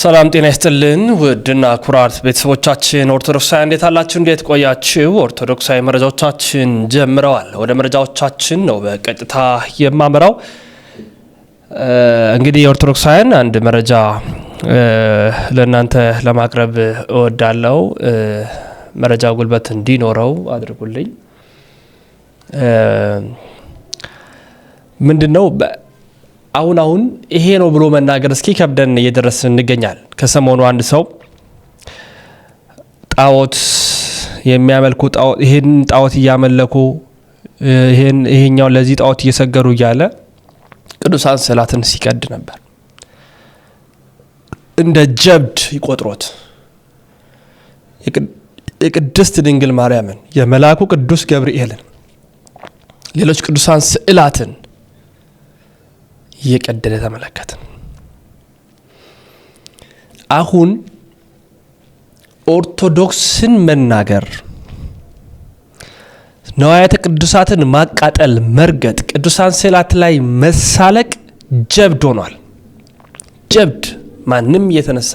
ሰላም ጤና ይስጥልን ውድና ኩራት ቤተሰቦቻችን ኦርቶዶክሳዊ እንዴት አላችሁ? እንዴት ቆያችሁ? ኦርቶዶክሳዊ መረጃዎቻችን ጀምረዋል። ወደ መረጃዎቻችን ነው በቀጥታ የማምራው። እንግዲህ የኦርቶዶክሳውያን አንድ መረጃ ለእናንተ ለማቅረብ እወዳለው። መረጃ ጉልበት እንዲኖረው አድርጉልኝ። ምንድን ነው አሁን አሁን ይሄ ነው ብሎ መናገር እስኪ ከብደን እየደረስን እንገኛል። ከሰሞኑ አንድ ሰው ጣዖት የሚያመልኩ ይሄን ጣዖት እያመለኩ ይሄኛው ለዚህ ጣዖት እየሰገዱ እያለ ቅዱሳን ስዕላትን ሲቀድ ነበር። እንደ ጀብድ ይቆጥሮት የቅድስት ድንግል ማርያምን፣ የመልአኩ ቅዱስ ገብርኤልን፣ ሌሎች ቅዱሳን ስዕላትን እየቀደደ ተመለከት። አሁን ኦርቶዶክስን መናገር ነዋያተ ቅዱሳትን ማቃጠል፣ መርገጥ፣ ቅዱሳን ስዕላት ላይ መሳለቅ ጀብድ ሆኗል። ጀብድ ማንም እየተነሳ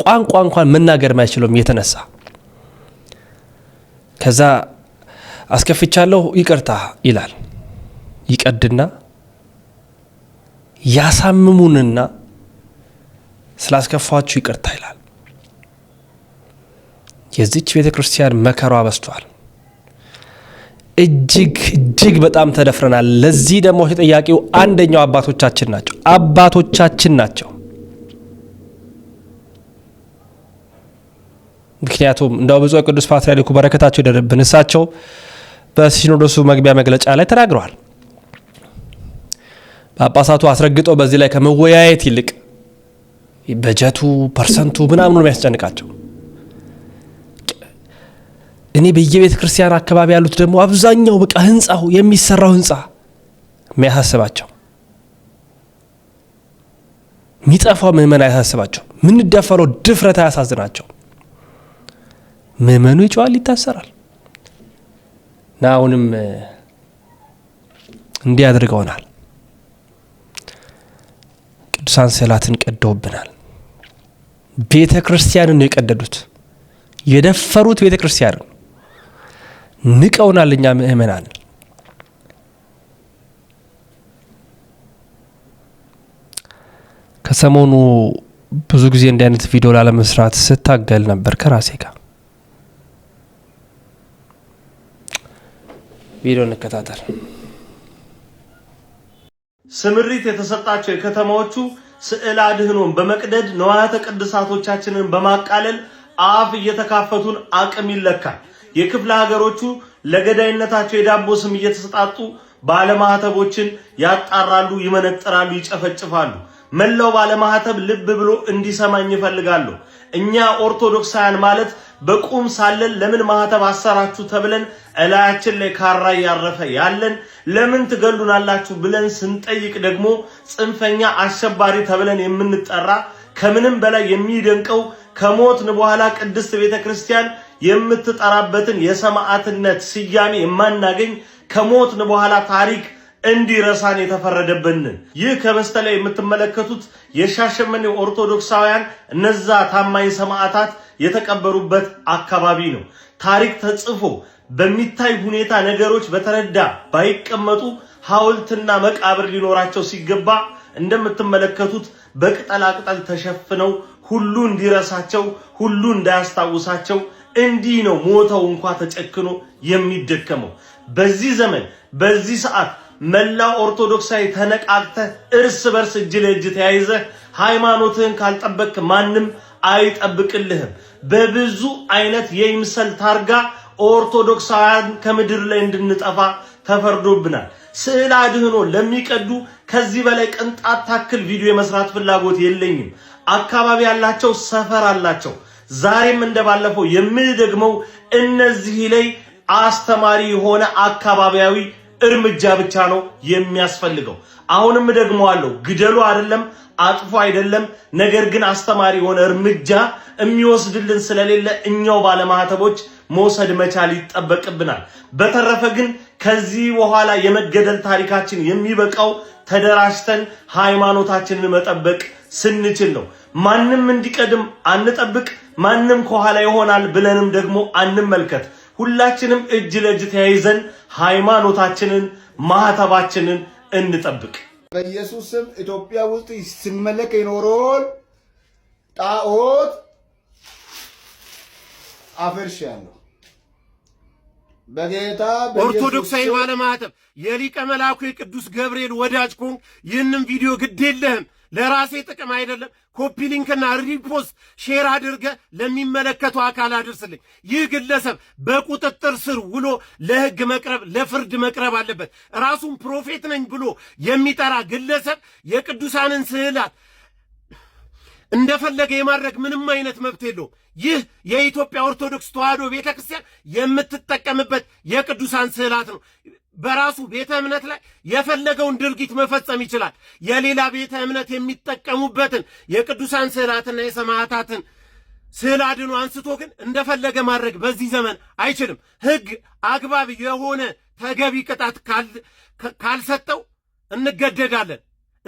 ቋንቋ እንኳን መናገር ማይችለውም እየተነሳ ከዛ አስከፍቻለሁ ይቅርታ ይላል ይቀድና ያሳምሙንና ስላስከፋችሁ ይቅርታ ይላል። የዚች ቤተ ክርስቲያን መከሯ በስቷል። እጅግ እጅግ በጣም ተደፍረናል። ለዚህ ደግሞ ተጠያቂው አንደኛው አባቶቻችን ናቸው። አባቶቻችን ናቸው። ምክንያቱም እንደ ብፁዕ ቅዱስ ፓትርያርኩ በረከታቸው ይደርብን። እሳቸው በሲኖዶሱ መግቢያ መግለጫ ላይ ተናግረዋል። ጳጳሳቱ አስረግጠው በዚህ ላይ ከመወያየት ይልቅ በጀቱ ፐርሰንቱ ምናምኑ የሚያስጨንቃቸው እኔ በየቤተ ክርስቲያን አካባቢ ያሉት ደግሞ አብዛኛው በቃ ህንፃው የሚሰራው ህንፃ የሚያሳስባቸው የሚጠፋው ምዕመን አያሳስባቸው፣ ምንደፈረው ድፍረት አያሳዝናቸው። ምዕመኑ ይጨዋል፣ ይታሰራል። እና አሁንም እንዲህ አድርገውናል። ቅዱሳን ስዕላትን ቀደውብናል። ቤተ ክርስቲያንን ነው የቀደዱት፣ የደፈሩት ቤተ ክርስቲያንን ንቀውናል። እኛ ምእመናን ከሰሞኑ ብዙ ጊዜ እንዲህ አይነት ቪዲዮ ላለመስራት ስታገል ነበር ከራሴ ጋር። ቪዲዮ እንከታተል። ስምሪት የተሰጣቸው የከተማዎቹ ስዕል አድህኖን በመቅደድ ነዋያተ ቅድሳቶቻችንን በማቃለል አፍ እየተካፈቱን አቅም ይለካል። የክፍለ ሀገሮቹ ለገዳይነታቸው የዳቦ ስም እየተሰጣጡ ባለማህተቦችን ያጣራሉ፣ ይመነጥራሉ፣ ይጨፈጭፋሉ። መላው ባለማህተብ ልብ ብሎ እንዲሰማኝ ይፈልጋለሁ። እኛ ኦርቶዶክሳውያን ማለት በቁም ሳለን ለምን ማህተብ አሰራችሁ ተብለን እላያችን ላይ ካራ እያረፈ ያለን ለምን ትገሉናላችሁ ብለን ስንጠይቅ ደግሞ ጽንፈኛ አሸባሪ ተብለን የምንጠራ ከምንም በላይ የሚደንቀው ከሞትን በኋላ ቅድስት ቤተክርስቲያን የምትጠራበትን የሰማዕትነት ስያሜ የማናገኝ ከሞትን በኋላ ታሪክ እንዲረሳን የተፈረደብንን ይህ ከበስተላይ የምትመለከቱት የሻሸመኔ ኦርቶዶክሳውያን እነዛ ታማኝ ሰማዕታት የተቀበሩበት አካባቢ ነው። ታሪክ ተጽፎ በሚታይ ሁኔታ ነገሮች በተረዳ ባይቀመጡ ሐውልትና መቃብር ሊኖራቸው ሲገባ እንደምትመለከቱት በቅጠላቅጠል ተሸፍነው ሁሉ እንዲረሳቸው ሁሉ እንዳያስታውሳቸው እንዲህ ነው ሞተው እንኳ ተጨክኖ የሚደከመው በዚህ ዘመን በዚህ ሰዓት መላው ኦርቶዶክሳዊ ተነቃቅተህ እርስ በርስ እጅ ለእጅ ተያይዘህ ሃይማኖትህን ካልጠበቅክ ማንም አይጠብቅልህም። በብዙ አይነት የይምሰል ታርጋ ኦርቶዶክሳውያን ከምድር ላይ እንድንጠፋ ተፈርዶብናል። ስዕል አድህኖ ለሚቀዱ ከዚህ በላይ ቅንጣት ታክል ቪዲዮ የመስራት ፍላጎት የለኝም። አካባቢ ያላቸው ሰፈር አላቸው። ዛሬም እንደባለፈው የምንደግመው እነዚህ ላይ አስተማሪ የሆነ አካባቢያዊ እርምጃ ብቻ ነው የሚያስፈልገው። አሁንም ደግሞ አለው ግደሉ አይደለም አጥፎ አይደለም። ነገር ግን አስተማሪ የሆነ እርምጃ የሚወስድልን ስለሌለ እኛው ባለማህተቦች መውሰድ መቻል ይጠበቅብናል። በተረፈ ግን ከዚህ በኋላ የመገደል ታሪካችን የሚበቃው ተደራጅተን ሃይማኖታችንን መጠበቅ ስንችል ነው። ማንም እንዲቀድም አንጠብቅ፣ ማንም ከኋላ ይሆናል ብለንም ደግሞ አንመልከት። ሁላችንም እጅ ለእጅ ተያይዘን ሃይማኖታችንን ማህተባችንን እንጠብቅ። በኢየሱስ ስም ኢትዮጵያ ውስጥ ሲመለክ የኖረውን ጣዖት አፈርሻለሁ። በጌታ ኦርቶዶክሳዊ ባለማህተብ የሊቀ መላኩ የቅዱስ ገብርኤል ወዳጅ ኮንክ ይህንም ቪዲዮ ግድ የለህም ለራሴ ጥቅም አይደለም። ኮፒ ሊንክና ሪፖስት ሼር አድርገ ለሚመለከቱ አካል አድርስልኝ። ይህ ግለሰብ በቁጥጥር ስር ውሎ ለህግ መቅረብ ለፍርድ መቅረብ አለበት። ራሱን ፕሮፌት ነኝ ብሎ የሚጠራ ግለሰብ የቅዱሳንን ስዕላት እንደፈለገ የማድረግ ምንም አይነት መብት የለውም። ይህ የኢትዮጵያ ኦርቶዶክስ ተዋሕዶ ቤተ ክርስቲያን የምትጠቀምበት የቅዱሳን ስዕላት ነው። በራሱ ቤተ እምነት ላይ የፈለገውን ድርጊት መፈጸም ይችላል። የሌላ ቤተ እምነት የሚጠቀሙበትን የቅዱሳን ስዕላትና የሰማዕታትን ስዕል አድኖ አንስቶ ግን እንደፈለገ ማድረግ በዚህ ዘመን አይችልም። ሕግ አግባብ የሆነ ተገቢ ቅጣት ካልሰጠው እንገደዳለን።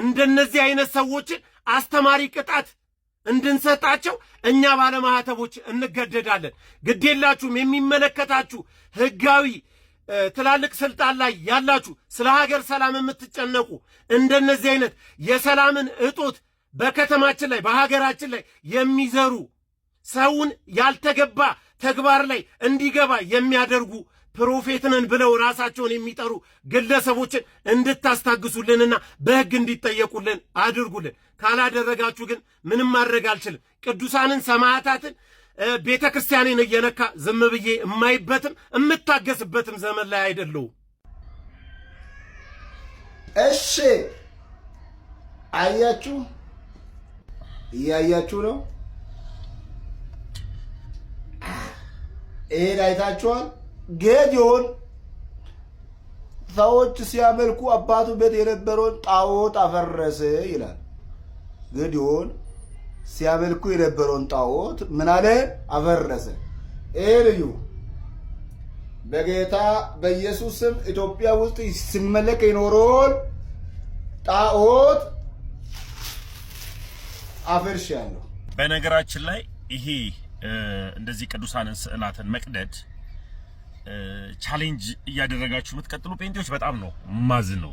እንደነዚህ አይነት ሰዎችን አስተማሪ ቅጣት እንድንሰጣቸው እኛ ባለማህተቦች እንገደዳለን። ግዴላችሁም የሚመለከታችሁ ሕጋዊ ትላልቅ ስልጣን ላይ ያላችሁ ስለ ሀገር ሰላም የምትጨነቁ እንደነዚህ አይነት የሰላምን እጦት በከተማችን ላይ በሀገራችን ላይ የሚዘሩ ሰውን ያልተገባ ተግባር ላይ እንዲገባ የሚያደርጉ ፕሮፌትንን ብለው ራሳቸውን የሚጠሩ ግለሰቦችን እንድታስታግሱልንና በሕግ እንዲጠየቁልን አድርጉልን። ካላደረጋችሁ ግን ምንም ማድረግ አልችልም። ቅዱሳንን ሰማዕታትን ቤተ ክርስቲያኔን እየነካ ዝም ብዬ የማይበትም የምታገስበትም ዘመን ላይ አይደለሁም። እሺ አያችሁ፣ እያያችሁ ነው። ይሄን አይታችኋል። ጌዲዮን ሰዎች ሲያመልኩ አባቱ ቤት የነበረውን ጣዖት አፈረሰ ይላል ጌዲዮን ሲያመልኩ የነበረውን ጣዖት ምን አለ? አፈረሰ። ይህ ልዩ በጌታ በኢየሱስም ስም ኢትዮጵያ ውስጥ ሲመለክ የኖረውን ጣዖት አፍርሻለሁ። በነገራችን ላይ ይሄ እንደዚህ ቅዱሳንን ስዕላትን መቅደድ ቻሌንጅ እያደረጋችሁ የምትቀጥሉ ጴንጤዎች በጣም ነው ማዝ ነው።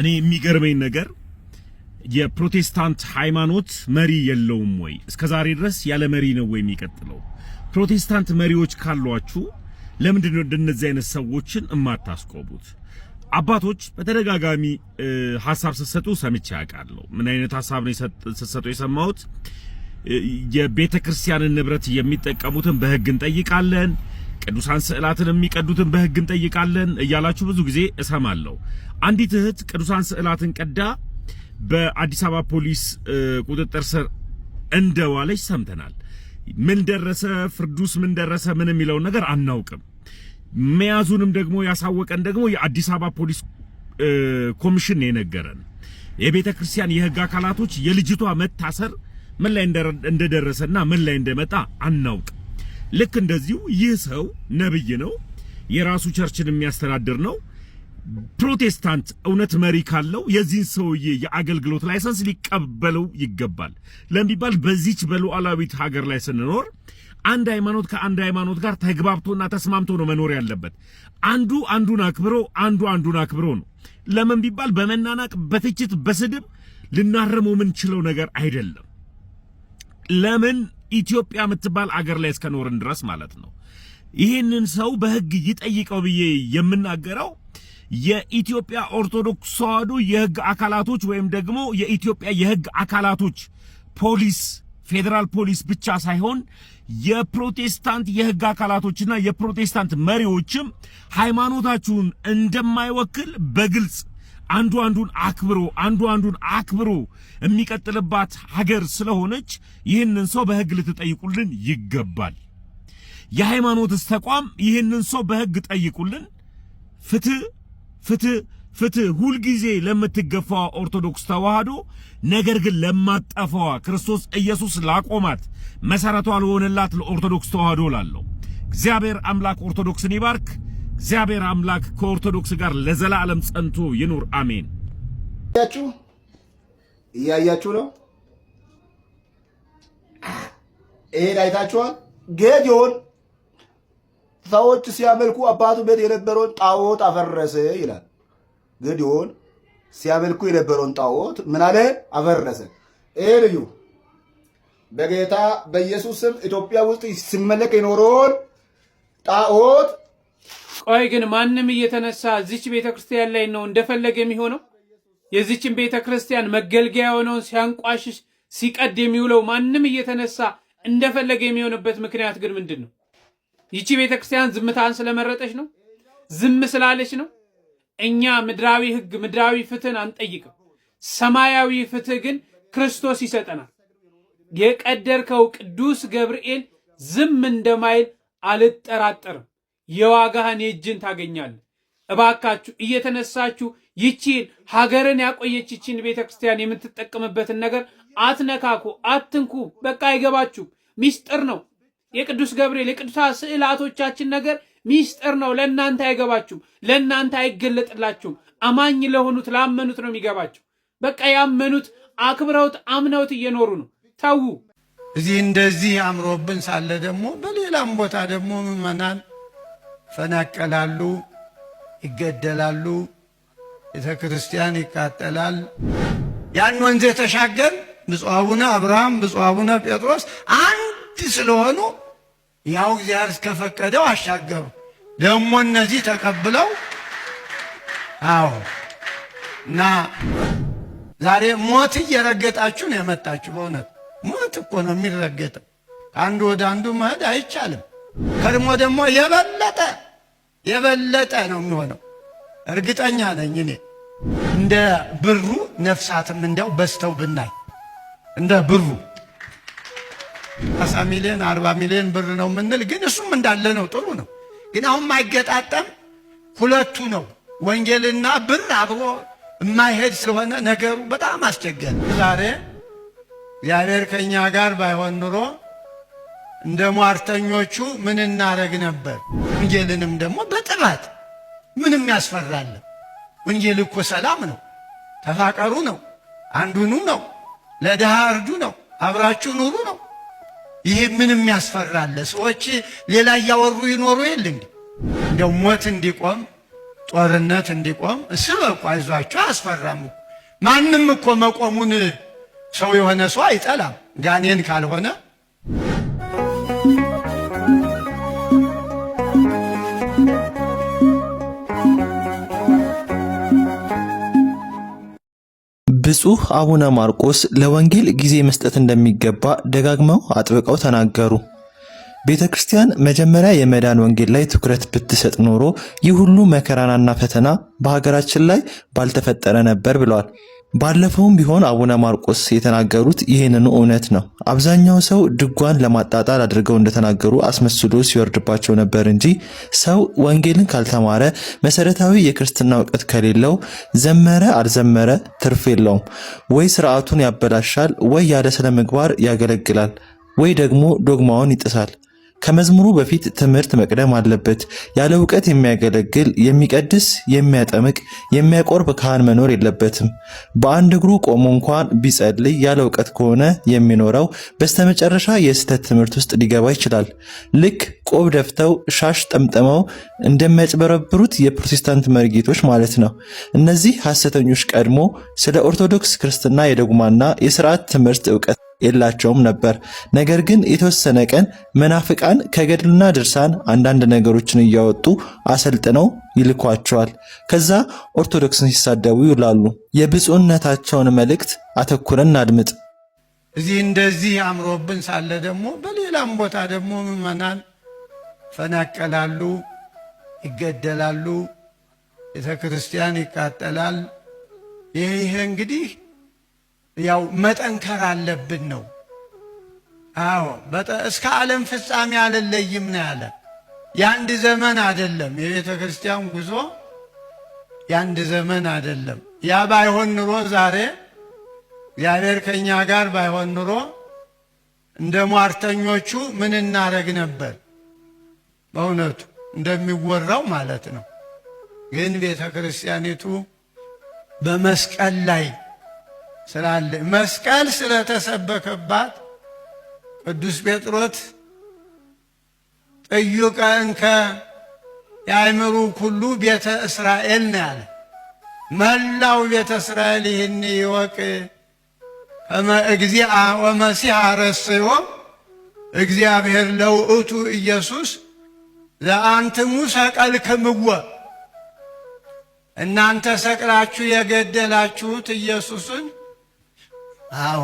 እኔ የሚገርመኝ ነገር የፕሮቴስታንት ሃይማኖት መሪ የለውም ወይ? እስከ ዛሬ ድረስ ያለ መሪ ነው ወይ የሚቀጥለው? ፕሮቴስታንት መሪዎች ካሏችሁ ለምንድን ነው እንደነዚህ አይነት ሰዎችን እማታስቆሙት? አባቶች በተደጋጋሚ ሀሳብ ስትሰጡ ሰምቼ አውቃለሁ። ምን አይነት ሀሳብ ነው ስትሰጡ የሰማሁት? የቤተ ክርስቲያንን ንብረት የሚጠቀሙትን በህግ እንጠይቃለን፣ ቅዱሳን ስዕላትን የሚቀዱትን በህግ እንጠይቃለን እያላችሁ ብዙ ጊዜ እሰማለሁ። አንዲት እህት ቅዱሳን ስዕላትን ቀዳ በአዲስ አበባ ፖሊስ ቁጥጥር ስር እንደዋለች ሰምተናል። ምን ደረሰ ፍርዱስ፣ ምን ደረሰ ምን የሚለውን ነገር አናውቅም። መያዙንም ደግሞ ያሳወቀን ደግሞ የአዲስ አበባ ፖሊስ ኮሚሽን የነገረን የቤተ ክርስቲያን የህግ አካላቶች የልጅቷ መታሰር ምን ላይ እንደደረሰና ምን ላይ እንደመጣ አናውቅ። ልክ እንደዚሁ ይህ ሰው ነብይ ነው፣ የራሱ ቸርችን የሚያስተዳድር ነው። ፕሮቴስታንት እውነት መሪ ካለው የዚህን ሰውዬ የአገልግሎት ላይሰንስ ሊቀበለው ይገባል ለሚባል በዚች በሉዓላዊት ሀገር ላይ ስንኖር አንድ ሃይማኖት ከአንድ ሃይማኖት ጋር ተግባብቶና ተስማምቶ ነው መኖር ያለበት። አንዱ አንዱን አክብሮ አንዱ አንዱን አክብሮ ነው። ለምን ቢባል በመናናቅ በትችት በስድብ ልናርመው የምንችለው ነገር አይደለም። ለምን ኢትዮጵያ የምትባል አገር ላይ እስከኖርን ድረስ ማለት ነው። ይህንን ሰው በህግ ይጠይቀው ብዬ የምናገረው የኢትዮጵያ ኦርቶዶክስ ተዋህዶ የህግ አካላቶች ወይም ደግሞ የኢትዮጵያ የህግ አካላቶች ፖሊስ ፌዴራል ፖሊስ ብቻ ሳይሆን የፕሮቴስታንት የህግ አካላቶችና የፕሮቴስታንት መሪዎችም ሃይማኖታችሁን እንደማይወክል በግልጽ አንዱ አንዱን አክብሮ አንዱ አንዱን አክብሮ የሚቀጥልባት ሀገር ስለሆነች ይህንን ሰው በህግ ልትጠይቁልን ይገባል። የሃይማኖትስ ተቋም ይህንን ሰው በህግ ጠይቁልን፣ ፍትህ ፍትህ ፍትህ ሁልጊዜ ለምትገፋዋ ኦርቶዶክስ ተዋህዶ፣ ነገር ግን ለማጠፋዋ ክርስቶስ ኢየሱስ ላቆማት መሠረቷ ለሆነላት ለኦርቶዶክስ ተዋህዶ ላለው እግዚአብሔር አምላክ ኦርቶዶክስን ይባርክ። እግዚአብሔር አምላክ ከኦርቶዶክስ ጋር ለዘላለም ጸንቶ ይኑር። አሜን። ያችሁ እያያችሁ ነው። ይሄን አይታችኋል። ጌዲዮን ሰዎች ሲያመልኩ አባቱ ቤት የነበረውን ጣዖት አፈረሰ ይላል። ግዲዮን ሲያመልኩ የነበረውን ጣዖት ምን አለ? አፈረሰ። ይሄ ልዩ በጌታ በኢየሱስ ስም ኢትዮጵያ ውስጥ ሲመለክ የኖረውን ጣዖት። ቆይ ግን ማንም እየተነሳ እዚች ቤተ ክርስቲያን ላይ ነው እንደፈለገ የሚሆነው? የዚችን ቤተ ክርስቲያን መገልገያ የሆነውን ሲያንቋሽሽ ሲቀድ የሚውለው ማንም እየተነሳ እንደፈለገ የሚሆንበት ምክንያት ግን ምንድን ነው? ይቺ ቤተ ክርስቲያን ዝምታን ስለመረጠች ነው? ዝም ስላለች ነው? እኛ ምድራዊ ሕግ ምድራዊ ፍትህን አንጠይቅም። ሰማያዊ ፍትህ ግን ክርስቶስ ይሰጠናል። የቀደርከው ቅዱስ ገብርኤል ዝም እንደማይል አልጠራጠርም። የዋጋህን የእጅን ታገኛለህ። እባካችሁ እየተነሳችሁ ይቺን ሀገርን ያቆየች ይቺን ቤተ ክርስቲያን የምትጠቀምበትን ነገር አትነካኩ፣ አትንኩ። በቃ አይገባችሁም። ሚስጥር ነው። የቅዱስ ገብርኤል የቅዱሳ ስዕላቶቻችን ነገር ሚስጥር ነው። ለእናንተ አይገባችሁም፣ ለእናንተ አይገለጥላችሁም። አማኝ ለሆኑት ላመኑት ነው የሚገባቸው። በቃ ያመኑት አክብረውት አምነውት እየኖሩ ነው። ተዉ። እዚህ እንደዚህ አምሮብን ሳለ ደግሞ በሌላም ቦታ ደግሞ ምዕመናን ይፈናቀላሉ፣ ይገደላሉ፣ ቤተ ክርስቲያን ይቃጠላል። ያን ወንዝ የተሻገር ብፁዕ አቡነ አብርሃም ብፁዕ አቡነ ጴጥሮስ ስለሆኑ ያው እግዚአብሔር እስከፈቀደው አሻገሩ። ደግሞ እነዚህ ተቀብለው አዎ እና ዛሬ ሞት እየረገጣችሁ ነው የመጣችሁ። በእውነት ሞት እኮ ነው የሚረገጠው። ከአንዱ ወደ አንዱ መሄድ አይቻልም። ከድሞ ደግሞ የበለጠ የበለጠ ነው የሚሆነው። እርግጠኛ ነኝ እኔ እንደ ብሩ ነፍሳትም እንዲያው በዝተው ብናይ እንደ ብሩ አስራ ሚሊዮን አርባ ሚሊዮን ብር ነው የምንል፣ ግን እሱም እንዳለ ነው። ጥሩ ነው። ግን አሁን ማይገጣጠም ሁለቱ ነው። ወንጌልና ብር አብሮ የማይሄድ ስለሆነ ነገሩ በጣም አስቸገር። ዛሬ እግዚአብሔር ከእኛ ጋር ባይሆን ኑሮ እንደ ሟርተኞቹ ምን እናደረግ ነበር? ወንጌልንም ደግሞ በጥራት ምንም ያስፈራለን። ወንጌል እኮ ሰላም ነው፣ ተፋቀሩ ነው፣ አንዱኑ ነው፣ ለድሃ እርዱ ነው፣ አብራችሁ ኑሩ ነው ይሄ ምንም ያስፈራለ። ሰዎች ሌላ እያወሩ ይኖሩ የለ እንዲ እንደው ሞት እንዲቆም ጦርነት እንዲቆም ስበቁ፣ አይዟቸው፣ አያስፈራም። ማንም እኮ መቆሙን ሰው የሆነ ሰው አይጠላም ጋኔን ካልሆነ ብፁዕ አቡነ ማርቆስ ለወንጌል ጊዜ መስጠት እንደሚገባ ደጋግመው አጥብቀው ተናገሩ። ቤተ ክርስቲያን መጀመሪያ የመዳን ወንጌል ላይ ትኩረት ብትሰጥ ኖሮ ይህ ሁሉ መከራናና ፈተና በሀገራችን ላይ ባልተፈጠረ ነበር ብለዋል። ባለፈውም ቢሆን አቡነ ማርቆስ የተናገሩት ይህንኑ እውነት ነው። አብዛኛው ሰው ድጓን ለማጣጣል አድርገው እንደተናገሩ አስመስሎ ሲወርድባቸው ነበር እንጂ ሰው ወንጌልን ካልተማረ፣ መሰረታዊ የክርስትና እውቀት ከሌለው ዘመረ አልዘመረ ትርፍ የለውም። ወይ ስርዓቱን ያበላሻል፣ ወይ ያለ ስነ ምግባር ያገለግላል፣ ወይ ደግሞ ዶግማውን ይጥሳል። ከመዝሙሩ በፊት ትምህርት መቅደም አለበት። ያለ እውቀት የሚያገለግል የሚቀድስ፣ የሚያጠምቅ፣ የሚያቆርብ ካህን መኖር የለበትም። በአንድ እግሩ ቆሞ እንኳን ቢጸልይ ያለ እውቀት ከሆነ የሚኖረው በስተመጨረሻ የስህተት ትምህርት ውስጥ ሊገባ ይችላል። ልክ ቆብ ደፍተው ሻሽ ጠምጥመው እንደሚያጭበረብሩት የፕሮቴስታንት መርጌቶች ማለት ነው። እነዚህ ሐሰተኞች ቀድሞ ስለ ኦርቶዶክስ ክርስትና የደጉማና የስርዓት ትምህርት እውቀት የላቸውም ነበር። ነገር ግን የተወሰነ ቀን መናፍቃን ከገድልና ድርሳን አንዳንድ ነገሮችን እያወጡ አሰልጥነው ይልኳቸዋል። ከዛ ኦርቶዶክስን ሲሳደቡ ይውላሉ። የብፁዕነታቸውን መልእክት አተኩረን አድምጥ። እዚህ እንደዚህ አምሮብን ሳለ ደግሞ በሌላም ቦታ ደግሞ ምዕመናን ፈናቀላሉ፣ ይገደላሉ፣ ቤተ ክርስቲያን ይቃጠላል። ይህ እንግዲህ ያው መጠንከር አለብን ነው። አዎ እስከ ዓለም ፍጻሜ አልለይም ነው ያለ። የአንድ ዘመን አደለም የቤተ ክርስቲያን ጉዞ የአንድ ዘመን አደለም። ያ ባይሆን ኑሮ ዛሬ እግዚአብሔር ከእኛ ጋር ባይሆን ኑሮ እንደ ሟርተኞቹ ምን እናረግ ነበር? በእውነቱ እንደሚወራው ማለት ነው። ግን ቤተ ክርስቲያኒቱ በመስቀል ላይ ስላለ መስቀል ስለተሰበከባት ቅዱስ ጴጥሮስ ጥዩቀ እንከ ኩሉ ቤተ እስራኤል ነው ያለ። መላው ቤተ እስራኤል ይህን ይወቅ። እግዚአ ወመሲሐ ረስዮ እግዚአብሔር ለውእቱ ኢየሱስ ለአንትሙ ሰቀልክምዎ እናንተ ሰቅላችሁ የገደላችሁት ኢየሱስን አዎ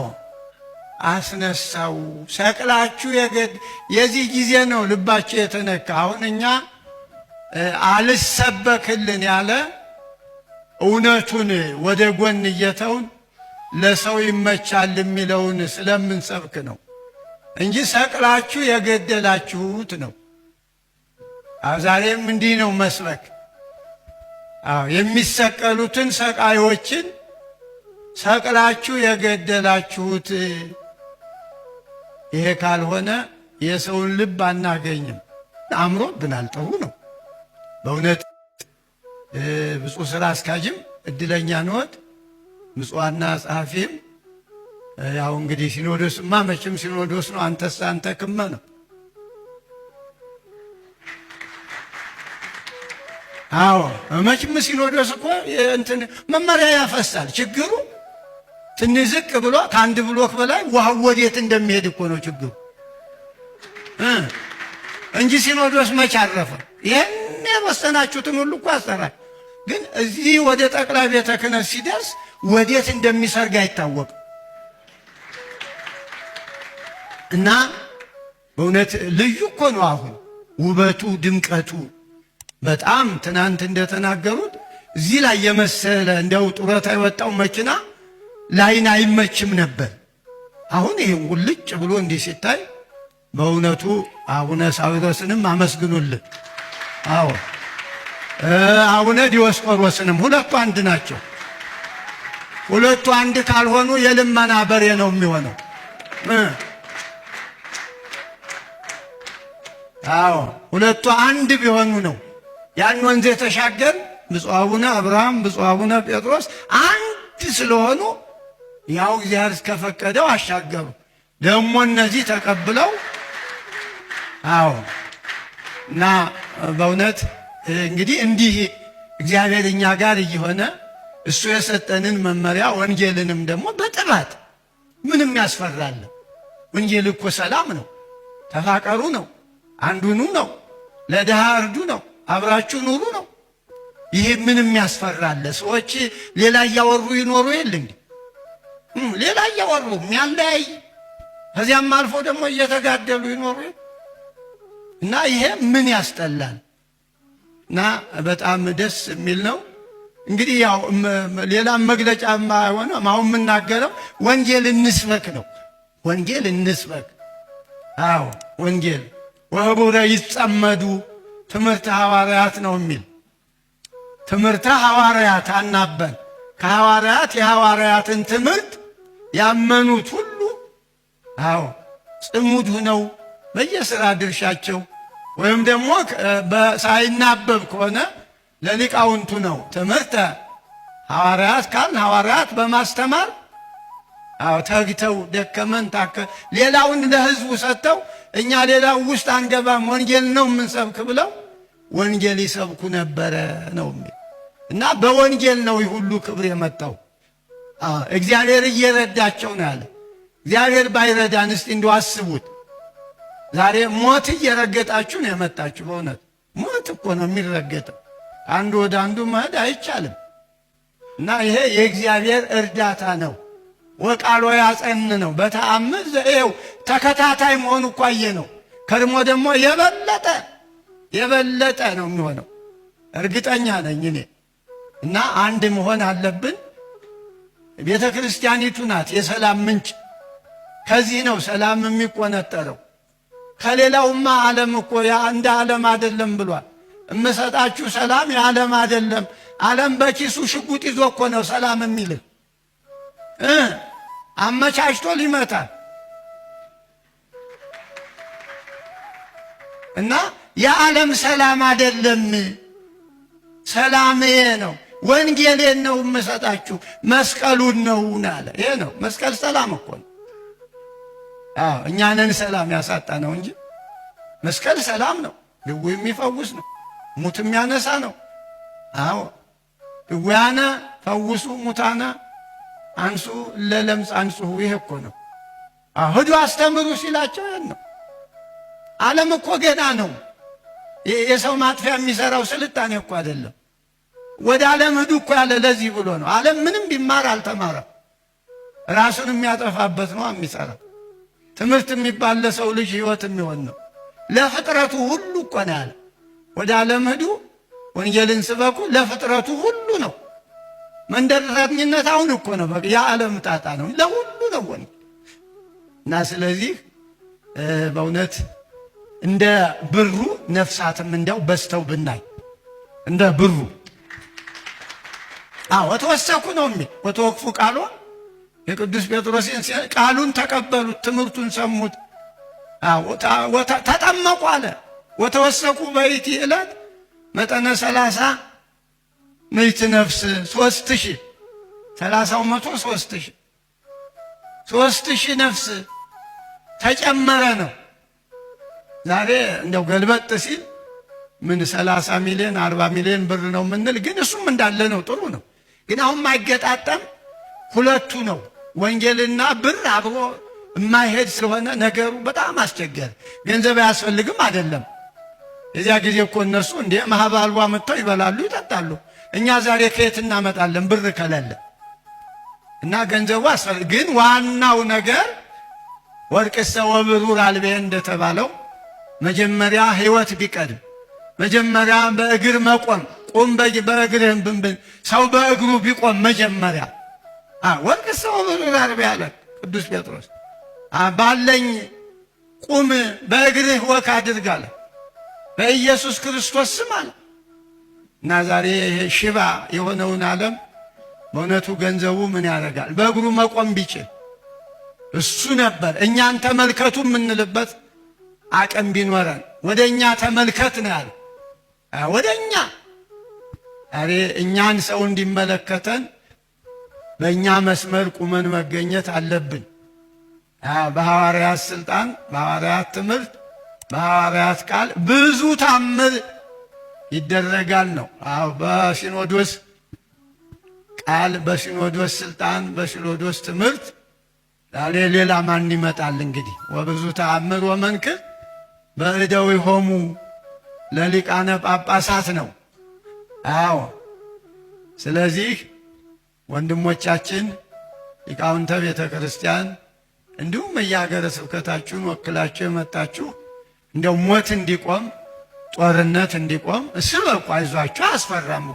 አስነሳው። ሰቅላችሁ የገድ የዚህ ጊዜ ነው ልባቸው የተነካ። አሁን እኛ አልሰበክልን ያለ እውነቱን ወደ ጎን እየተውን ለሰው ይመቻል የሚለውን ስለምንሰብክ ነው እንጂ ሰቅላችሁ የገደላችሁት ነው። ዛሬም እንዲህ ነው መስበክ የሚሰቀሉትን ሰቃዮችን ሰቅላችሁ የገደላችሁት። ይሄ ካልሆነ የሰውን ልብ አናገኝም። አእምሮ ብናል ጥሩ ነው በእውነት ብፁዕ ስራ አስካጅም እድለኛ ነዎት። ምጽዋና ጸሐፊም ያው እንግዲህ ሲኖዶስማ መቼም ሲኖዶስ ነው። አንተሳ አንተ ክመ ነው። አዎ መቼም ሲኖዶስ እኮ እንትን መመሪያ ያፈሳል። ችግሩ ትንሽ ዝቅ ብሎ ከአንድ ብሎክ በላይ ውሃ ወዴት እንደሚሄድ እኮ ነው ችግሩ እንጂ ሲኖዶስ መቼ አረፈ? ይህን የወሰናችሁትን ሁሉ እኮ አሰራል። ግን እዚህ ወደ ጠቅላይ ቤተ ክህነት ሲደርስ ወዴት እንደሚሰርግ አይታወቅም። እና በእውነት ልዩ እኮ ነው አሁን ውበቱ፣ ድምቀቱ በጣም ትናንት እንደተናገሩት እዚህ ላይ የመሰለ እንደው ጡረታ የወጣው መኪና ላይን አይመችም ነበር። አሁን ይህም ውልጭ ብሎ እንዲህ ሲታይ በእውነቱ አቡነ ሳዊሮስንም አመስግኑልን። አዎ አቡነ ዲዮስቆሮስንም ሁለቱ አንድ ናቸው። ሁለቱ አንድ ካልሆኑ የልመና በሬ ነው የሚሆነው። አዎ ሁለቱ አንድ ቢሆኑ ነው ያን ወንዝ የተሻገር ብፁዕ አቡነ አብርሃም ብፁዕ አቡነ ጴጥሮስ አንድ ስለሆኑ ያው እግዚአብሔር እስከፈቀደው አሻገሩ። ደግሞ እነዚህ ተቀብለው አዎ እና በእውነት እንግዲህ እንዲህ እግዚአብሔር እኛ ጋር እየሆነ እሱ የሰጠንን መመሪያ ወንጌልንም ደግሞ በጥራት ምንም ያስፈራል። ወንጌል እኮ ሰላም ነው፣ ተፋቀሩ ነው፣ አንዱኑ ነው፣ ለድሃ እርዱ ነው፣ አብራችሁ ኑሩ ነው። ይሄ ምንም ያስፈራለ። ሰዎች ሌላ እያወሩ ይኖሩ የል እንግዲህ ሌላ እያወሩ የሚያለያይ ከዚያም አልፎ ደግሞ እየተጋደሉ ይኖሩ እና ይሄ ምን ያስጠላል? እና በጣም ደስ የሚል ነው። እንግዲህ ያው ሌላም መግለጫ ሆነ አሁን የምናገረው ወንጌል እንስበክ ነው። ወንጌል እንስበክ። አዎ ወንጌል ወህቡረ ይጸመዱ ትምህርተ ሐዋርያት ነው የሚል ትምህርተ ሐዋርያት አናበን ከሐዋርያት የሐዋርያትን ትምህርት ያመኑት ሁሉ አዎ ጽሙድ ሁነው በየሥራ ድርሻቸው ወይም ደግሞ ሳይናበብ ከሆነ ለሊቃውንቱ ነው ትምህርተ ሐዋርያት ካልን ሐዋርያት በማስተማር አዎ ተግተው ደከመን ታከ ሌላውን ለሕዝቡ ሰጥተው እኛ ሌላው ውስጥ አንገባም ወንጌል ነው የምንሰብክ ብለው ወንጌል ይሰብኩ ነበረ ነው እና በወንጌል ነው ሁሉ ክብር የመጣው። እግዚአብሔር እየረዳቸው ነው ያለ። እግዚአብሔር ባይረዳን እስቲ እንዲሁ አስቡት። ዛሬ ሞት እየረገጣችሁ ነው የመጣችሁ። በእውነት ሞት እኮ ነው የሚረገጠው። አንዱ ወደ አንዱ መሄድ አይቻልም። እና ይሄ የእግዚአብሔር እርዳታ ነው። ወቃሎ ያጸን ነው በተአምር ዘኤው ተከታታይ መሆኑ እኳየ ነው። ከድሞ ደግሞ የበለጠ የበለጠ ነው የሚሆነው። እርግጠኛ ነኝ እኔ እና አንድ መሆን አለብን። ቤተ ክርስቲያኒቱ ናት የሰላም ምንጭ። ከዚህ ነው ሰላም የሚቆነጠረው። ከሌላውማ ዓለም እኮ እንደ ዓለም አይደለም ብሏል። እምሰጣችሁ ሰላም የዓለም አይደለም። ዓለም በኪሱ ሽጉጥ ይዞ እኮ ነው ሰላም የሚልህ እ አመቻችቶ ሊመታ እና የዓለም ሰላም አይደለም፣ ይሄ ነው። ወንጌሌን ነው የምሰጣችሁ፣ መስቀሉን ነው አለ። ይሄ ነው መስቀል። ሰላም እኮ ነው። እኛንን ሰላም ያሳጣ ነው እንጂ መስቀል ሰላም ነው። ድውይ የሚፈውስ ነው። ሙት የሚያነሳ ነው። አዎ ድውያነ ፈውሱ ሙታነ አንሱ ለለምጽ አንሱ። ይሄ እኮ ነው። ሂዱ አስተምሩ ሲላቸው ያን ነው። ዓለም እኮ ገና ነው። የሰው ማጥፊያ የሚሰራው ስልጣኔ እኮ አይደለም። ወደ ዓለም ሂዱ እኮ ያለ ለዚህ ብሎ ነው። ዓለም ምንም ቢማር አልተማረም። ራሱን የሚያጠፋበት ነው የሚሰራ ትምህርት የሚባል ለሰው ልጅ ህይወት የሚሆን ነው። ለፍጥረቱ ሁሉ እኮ ነው ያለ። ወደ ዓለም ሂዱ ወንጌልን ስበኩ ለፍጥረቱ ሁሉ ነው። መንደረተኝነት አሁን እኮ ነው በቃ የዓለም ጣጣ ነው። ለሁሉ ነው ወንጌል እና ስለዚህ በእውነት እንደ ብሩ ነፍሳትም እንዲያው በዝተው ብናይ እንደ ብሩ አዎ ተወሰኩ ነው የሚል ወተወክፉ ቃሉ የቅዱስ ጴጥሮስ ቃሉን ተቀበሉት፣ ትምህርቱን ሰሙት፣ ተጠመቁ አለ። ወተወሰኩ በይቲ ዕለት መጠነ ሰላሳ ምእቲ ነፍስ ሶስት ሺህ ሰላሳው መቶ ሶስት ሺህ ሶስት ነፍስ ተጨመረ ነው። ዛሬ እንደው ገልበጥ ሲል ምን ሰላሳ ሚሊዮን አርባ ሚሊዮን ብር ነው ምንል፣ ግን እሱም እንዳለ ነው። ጥሩ ነው። ግን አሁን ማይገጣጠም ሁለቱ ነው። ወንጌልና ብር አብሮ የማይሄድ ስለሆነ ነገሩ በጣም አስቸገር። ገንዘብ አያስፈልግም አይደለም። የዚያ ጊዜ እኮ እነርሱ እንደ ማህባሉ መጥተው ይበላሉ ይጠጣሉ። እኛ ዛሬ ከየት እናመጣለን ብር ከሌለ እና ገንዘቡ አስፈልግ። ግን ዋናው ነገር ወርቅሰ ወብሩር አልቤ እንደተባለው መጀመሪያ ህይወት ቢቀድም መጀመሪያ በእግር መቆም ቁም በእግርህም ብንብል ሰው በእግሩ ቢቆም መጀመሪያ ወርቅ ሰው ምኑራር ያለ ቅዱስ ጴጥሮስ ባለኝ ቁም በእግርህ ወክ አድርግ አለ። በኢየሱስ ክርስቶስ ስም አለ እና ዛሬ ሽባ የሆነውን ዓለም በእውነቱ ገንዘቡ ምን ያደርጋል? በእግሩ መቆም ቢችል እሱ ነበር እኛን ተመልከቱ የምንልበት አቅም ቢኖረን ወደ እኛ ተመልከት ነው ያለ ወደ እኛ አሬ እኛን ሰው እንዲመለከተን በእኛ መስመር ቁመን መገኘት አለብን። በሐዋርያት ስልጣን፣ በሐዋርያት ትምህርት፣ በሐዋርያት ቃል ብዙ ታምር ይደረጋል ነው። አዎ በሲኖዶስ ቃል፣ በሲኖዶስ ስልጣን፣ በሲኖዶስ ትምህርት ዛሬ ሌላ ማን ይመጣል እንግዲህ? ወብዙ ተአምር ወመንክር ሆሙ ለሊቃነ ጳጳሳት ነው። አዎ። ስለዚህ ወንድሞቻችን ሊቃውንተ ቤተ ክርስቲያን እንዲሁም በየሀገረ ስብከታችሁን ወክላችሁ የመጣችሁ እንደው ሞት እንዲቆም ጦርነት እንዲቆም እስበኩ፣ አይዟችሁ፣ አስፈራሙ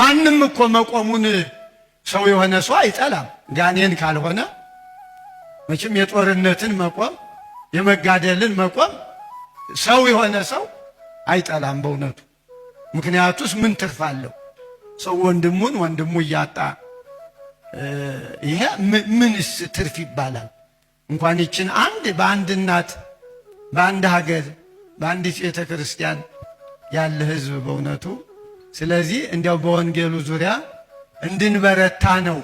ማንም እኮ መቆሙን ሰው የሆነ ሰው አይጠላም፣ ጋኔን ካልሆነ መቼም የጦርነትን መቆም የመጋደልን መቆም ሰው የሆነ ሰው አይጠላም በእውነቱ። ምክንያቱስ ምን ትርፍ አለው? ሰው ወንድሙን ወንድሙ እያጣ ይሄ ምንስ ትርፍ ይባላል? እንኳን ይችን አንድ በአንድ እናት በአንድ ሀገር በአንዲት ቤተ ክርስቲያን ያለ ህዝብ በእውነቱ ስለዚህ እንዲያው በወንጌሉ ዙሪያ እንድንበረታ ነው።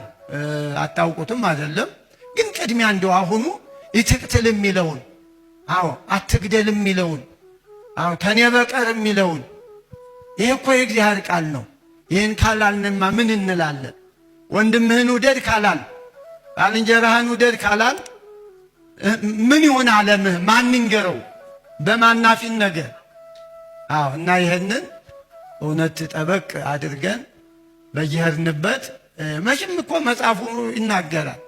አታውቁትም አይደለም ግን ቅድሚያ እንደው አሁኑ ይትቅትል የሚለውን አዎ አትግደል የሚለውን አዎ ከኔ በቀር የሚለውን ይህ እኮ የእግዚአብሔር ቃል ነው። ይህን ካላልንማ ምን እንላለን? ወንድምህን ውደድ ካላል፣ ባልንጀራህን ውደድ ካላል ምን ይሆን ዓለምህ? ማንንገረው በማናፊን ነገር አዎ። እና ይህንን እውነት ጠበቅ አድርገን በየሄድንበት መቼም እኮ መጽሐፉ ይናገራል።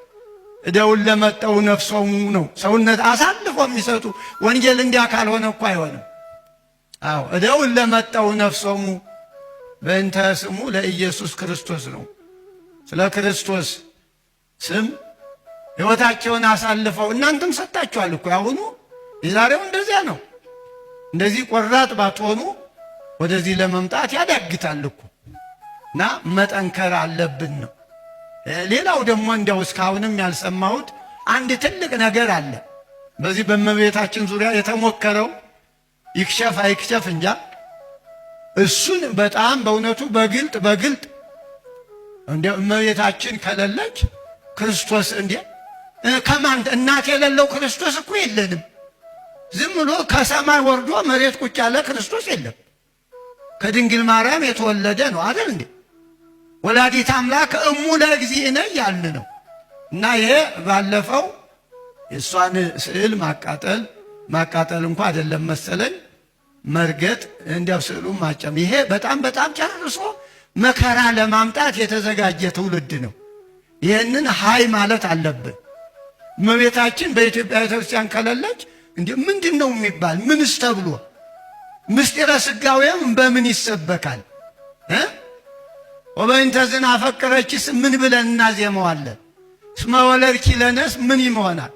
እደውን ለመጠው ነፍሶሙ ነው ሰውነት አሳልፎ የሚሰጡ ወንጀል እንዲያ ካልሆነ እኮ አይሆንም። አዎ እደውን ለመጣው ነፍሶሙ በእንተ ስሙ ለኢየሱስ ክርስቶስ ነው። ስለ ክርስቶስ ስም ሕይወታቸውን አሳልፈው እናንተም ሰጣችኋል እኮ አሁኑ የዛሬው እንደዚያ ነው። እንደዚህ ቆራጥ ባትሆኑ ወደዚህ ለመምጣት ያዳግታል እኮ እና መጠንከር አለብን ነው። ሌላው ደግሞ እንዲያው እስካሁንም ያልሰማሁት አንድ ትልቅ ነገር አለ። በዚህ በእመቤታችን ዙሪያ የተሞከረው ይክሸፍ አይክሸፍ እንጃ። እሱን በጣም በእውነቱ በግልጥ በግልጥ እንደ እመቤታችን ከሌለች ክርስቶስ እንዴ ከማን እናት የሌለው ክርስቶስ እኮ የለንም። ዝም ብሎ ከሰማይ ወርዶ መሬት ቁጭ ያለ ክርስቶስ የለም። ከድንግል ማርያም የተወለደ ነው አይደል እንዴ? ወላዲት አምላክ እሙ ለእግዚእነ ያልን ነው እና ይሄ ባለፈው የእሷን ስዕል ማቃጠል ማቃጠል እንኳ አይደለም መሰለኝ መርገጥ እንዲያው ስዕሉ ማጨም። ይሄ በጣም በጣም ጨርሶ መከራ ለማምጣት የተዘጋጀ ትውልድ ነው። ይህንን ሀይ ማለት አለብን። እመቤታችን በኢትዮጵያ ቤተክርስቲያን ከሌለች እንዲ ምንድን ነው የሚባል? ምንስ ተብሎ ምስጢረ ስጋዌም በምን ይሰበካል? ወበእንተዝን አፈቅረችስ ምን ብለን እናዜመዋለን? ስመወለድ ኪለነስ ምን ይሆናል?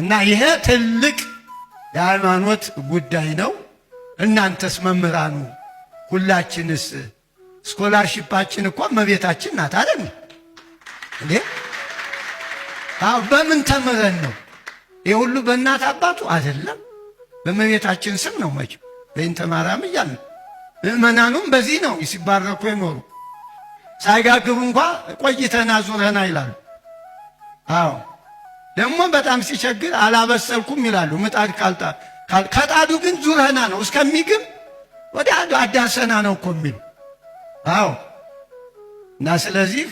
እና ይሄ ትልቅ የሃይማኖት ጉዳይ ነው። እናንተስ መምህራኑ ሁላችንስ ስኮላርሽፓችን እኮ እመቤታችን ናት አይደል እንዴ? በምን ተምረን ነው ይህ ሁሉ? በእናት አባቱ አይደለም፣ በእመቤታችን ስም ነው። መች በእንተ ማርያም እያልን ምእመናኑም በዚህ ነው ሲባረኩ የኖሩ ሳይጋግቡ እንኳ ቆይተና ዙረና ይላሉ። አዎ ደግሞ በጣም ሲቸግር አላበሰልኩም ይላሉ። ምጣድ ካልጣ ከጣዱ ግን ዙረህና ነው እስከሚግም ወዲያ አዳሰና ነው እኮ የሚል አዎ። እና ስለዚህ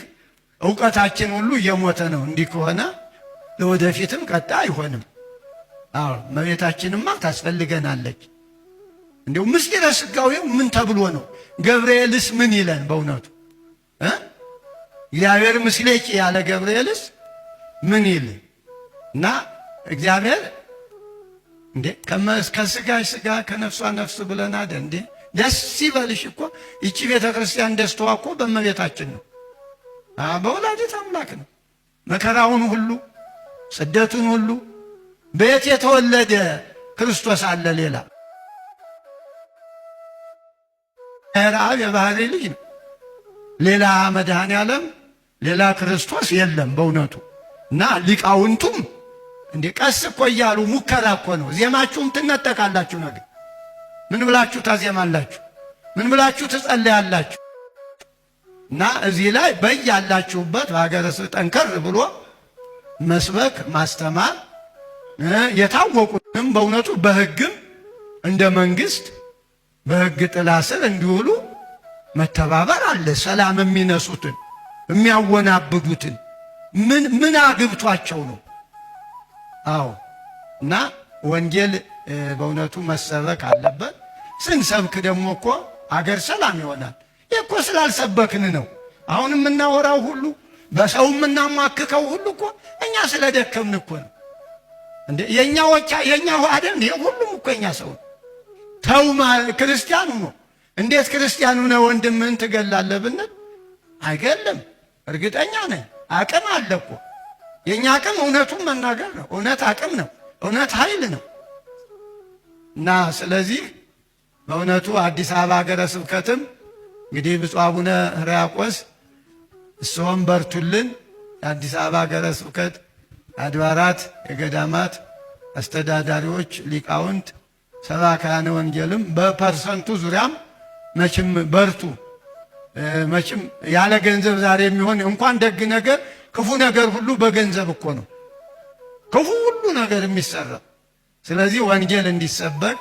እውቀታችን ሁሉ እየሞተ ነው። እንዲህ ከሆነ ለወደፊትም ቀጣ አይሆንም። አዎ መቤታችንማ ታስፈልገናለች። እንዲሁ ምስጢረ ሥጋዌው ምን ተብሎ ነው? ገብርኤልስ ምን ይለን? በእውነቱ እግዚአብሔር ምስሌኪ ያለ ገብርኤልስ ምን ይል? እና እግዚአብሔር እንዴ ከስጋሽ ስጋ ከነፍሷ ነፍስ ብለን አደ እንዴ ደስ ይበልሽ እኮ ይቺ ቤተ ክርስቲያን ደስተዋ እኮ በእመቤታችን ነው፣ በወላዲት አምላክ ነው። መከራውን ሁሉ ስደቱን ሁሉ በየት የተወለደ ክርስቶስ አለ ሌላ ራብ የባህሪ ልጅ ነው። ሌላ መድኃኔ ዓለም ሌላ ክርስቶስ የለም በእውነቱ እና ሊቃውንቱም እንዴ ቀስ እኮ እያሉ ሙከራ እኮ ነው። ዜማችሁም ትነጠቃላችሁ። ነገር ምን ብላችሁ ታዜማላችሁ? ምን ብላችሁ ትጸለያላችሁ? እና እዚህ ላይ በያላችሁበት በሀገረ ስብከት ጠንከር ብሎ መስበክ ማስተማር የታወቁትም በእውነቱ በሕግም እንደ መንግስት በሕግ ጥላ ስር እንዲውሉ መተባበር አለ። ሰላም የሚነሱትን የሚያወናብዱትን ምን ምን አግብቷቸው ነው? አዎ እና ወንጌል በእውነቱ መሰበክ አለበት። ስንሰብክ ደግሞ እኮ አገር ሰላም ይሆናል። የኮ ስላልሰበክን ነው። አሁን የምናወራው ሁሉ በሰው የምናማክከው ሁሉ እኮ እኛ ስለደከምን እኮ ነው። እንደ የእኛ ወቻ የእኛ አይደል? ሁሉም እኮ የኛ ሰው ተው ክርስቲያኑ ነው። እንዴት ክርስቲያኑ ነ ወንድምን ትገላለህ ብንል አይገልም እርግጠኛ ነኝ አቅም አለ እኮ የእኛ አቅም እውነቱን መናገር ነው። እውነት አቅም ነው። እውነት ኃይል ነው እና ስለዚህ በእውነቱ አዲስ አበባ ሀገረ ስብከትም እንግዲህ ብፁዕ አቡነ ሕርያቆስ እሶም በርቱልን። የአዲስ አበባ ሀገረ ስብከት አድባራት፣ የገዳማት አስተዳዳሪዎች፣ ሊቃውንት፣ ሰባካያነ ወንጌልም በፐርሰንቱ ዙሪያም መችም በርቱ። መችም ያለ ገንዘብ ዛሬ የሚሆን እንኳን ደግ ነገር ክፉ ነገር ሁሉ በገንዘብ እኮ ነው ክፉ ሁሉ ነገር የሚሰራ። ስለዚህ ወንጌል እንዲሰበክ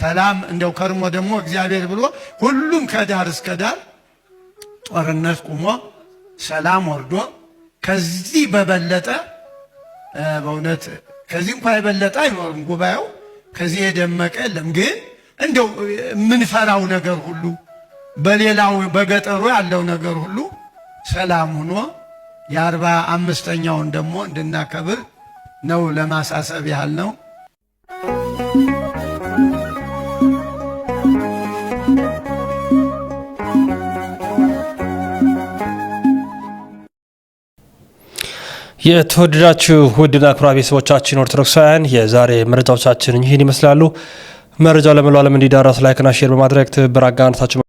ሰላም እንደው ከርሞ ደግሞ እግዚአብሔር ብሎ ሁሉም ከዳር እስከ ዳር ጦርነት ቁሞ ሰላም ወርዶ ከዚህ በበለጠ በእውነት ከዚህ እንኳ የበለጠ አይኖርም ጉባኤው። ከዚህ የደመቀ የለም። ግን እንደው የምንፈራው ነገር ሁሉ በሌላው በገጠሩ ያለው ነገር ሁሉ ሰላም ሆኖ የአርባ አምስተኛውን ደግሞ እንድናከብር ነው ለማሳሰብ ያህል ነው። የተወደዳችሁ ውድና ክቡራ ቤተሰቦቻችን ኦርቶዶክሳውያን የዛሬ መረጃዎቻችን ይህን ይመስላሉ። መረጃው ለመላው ዓለም እንዲዳረስ ላይክና ሼር በማድረግ ትብብር አጋርነታችሁ